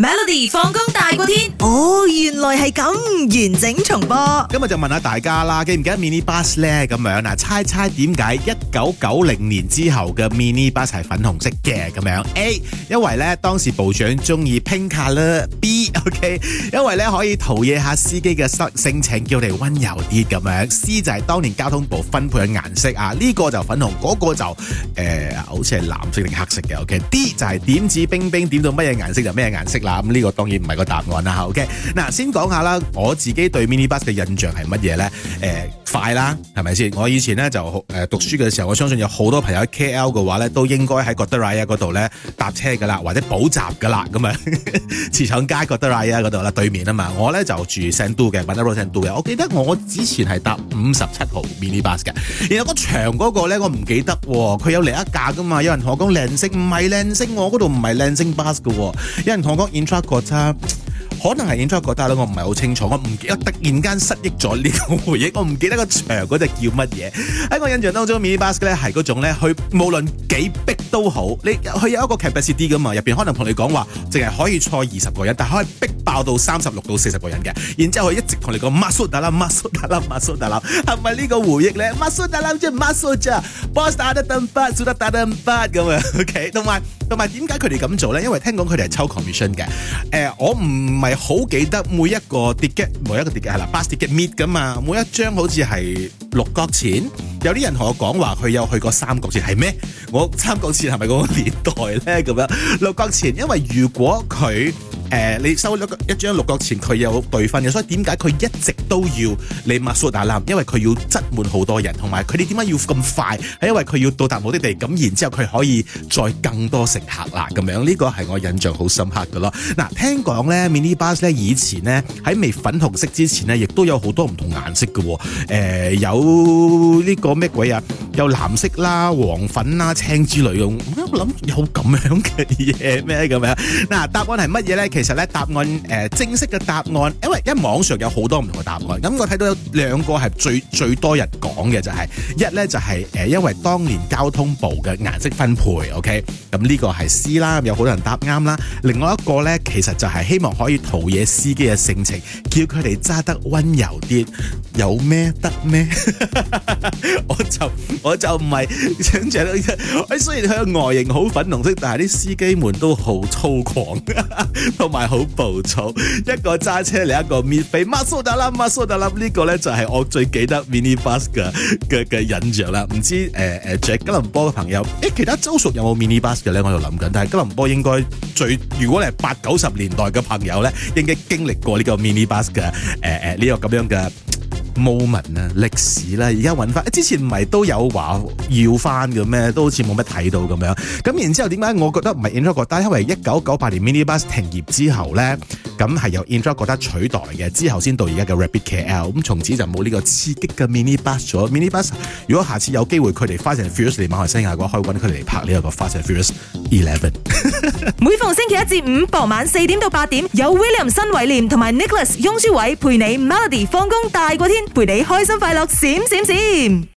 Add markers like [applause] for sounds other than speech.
Melody 放工大過天，哦，原來係咁，完整重播。今日就問下大家啦，記唔記得 Mini Bus 咧？咁樣嗱，猜猜點解一九九零年之後嘅 Mini Bus 係粉紅色嘅？咁樣 A，因為咧當時部長中意 pink c o B，OK，因為咧可以陶冶下司機嘅性情，叫你溫柔啲咁樣。C 就係當年交通部分配嘅顏色啊，呢、這個就粉紅，嗰、那個就誒、呃，好似係藍色定黑色嘅。OK，D、okay? 就係點指冰冰點到乜嘢顏色就咩顏色啦。咁呢個當然唔係個答案啦。OK，嗱，先講下啦，我自己對 Mini Bus 嘅印象係乜嘢咧？誒、呃。快啦，係咪先？我以前咧就誒、呃、讀書嘅時候，我相信有好多朋友喺 KL 嘅話咧，都應該喺 Kotaraya 嗰度咧搭車噶啦，或者補習噶啦咁啊，樣 [laughs] 慈祥街 Kotaraya 嗰度啦，對面啊嘛。我咧就住聖都嘅，萬達路聖都嘅。我記得我之前係搭五十七號 mini bus 嘅，然後個長嗰個咧我唔記得喎、哦，佢有另一架噶嘛，有人同我講靚星唔係靚星，嗰度唔係靚星 bus 嘅、哦，有人同我講 Intraco 可能係演出後覺得啦，我唔係好清楚，我唔記得突然間失憶咗呢個回憶，我唔記得個場嗰隻叫乜嘢。喺我印象當中，Mini Bus k 咧係嗰種咧，佢無論幾逼都好，你佢有一個 capacity 噶嘛，入邊可能同你講話，淨係可以坐二十個人，但可以逼爆到三十六到四十個人嘅，然之後佢一直同你講馬蘇達啦，m a 馬蘇達啦，m a 馬蘇達啦，係咪呢個回憶咧？馬蘇達啦即係馬蘇咋？Bus 大得登八，蘇大得登八咁樣，OK，同埋。同埋點解佢哋咁做咧？因為聽講佢哋係抽 commission 嘅。誒、呃，我唔係好記得每一個 ticket，每一個 ticket 係啦，bus ticket meet 噶嘛，每一張好似係六角錢。有啲人同我講話，佢有去過三角錢，係咩？我三角錢係咪嗰個年代咧？咁樣六角錢，因為如果佢。誒、呃，你收咗一張六角錢，佢有對分嘅，所以點解佢一直都要你 must 打攬？因為佢要質滿好多人，同埋佢哋點解要咁快？係因為佢要到達目的地，咁然之後佢可以再更多乘客啦，咁樣呢個係我印象好深刻嘅咯。嗱、啊，聽講咧，Mini Bus 咧以前呢，喺未粉紅色之前呢，亦都有好多唔同顏色嘅喎、哦呃。有呢個咩鬼啊？有藍色啦、黃粉啦、青之類嘅。我諗有咁樣嘅嘢咩？咁樣嗱、啊，答案係乜嘢咧？其實。其實咧答案，誒，正式嘅答案，因為喺網上有好多唔同嘅答案。咁我睇到有兩個係最最多人講嘅就係一咧就係，誒，因為當年交通部嘅顏色分配，OK，咁呢個係 C 啦，有好多人答啱啦。另外一個咧，其實就係希望可以陶冶司機嘅性情，叫佢哋揸得溫柔啲，有咩得咩？我就我就唔係想象雖然佢個外形好粉紅色，但係啲司機們都好粗狂。埋好暴躁，一個揸車，另一個免費馬蘇達啦，馬蘇達啦，呢、這個咧就係我最記得 mini bus 嘅嘅嘅印象啦。唔 [laughs] 知誒誒，杰、呃、吉林波嘅朋友，誒、欸，其他州屬，有冇 mini bus 嘅咧？我就諗緊，但係吉林波應該最，如果你係八九十年代嘅朋友咧，應該經歷過呢個 mini bus 嘅誒誒、呃、呢個、呃、咁樣嘅 moment 啊，歷史啦、啊，而家揾返，之前唔係都有話要返嘅咩？都好似冇乜睇到咁樣。咁然之後點解我覺得唔係 Intrakota 但係因為一九九八年 Mini Bus 停業之後呢，咁係由 Intrakota 覺得取代嘅？之後先到而家嘅 Rapid KL，咁從此就冇呢個刺激嘅 Mini Bus 咗。Mini Bus，如果下次有機會佢哋 Fast and Furious 嚟馬來西亞嘅話，可以揾佢哋拍呢個個 Fast and Furious Eleven。每逢星期一至五傍晚四點到八點，有 William 新偉廉同埋 Nicholas 翁舒偉陪你 Melody 放工大過天，陪你開心快樂閃閃閃。閃閃閃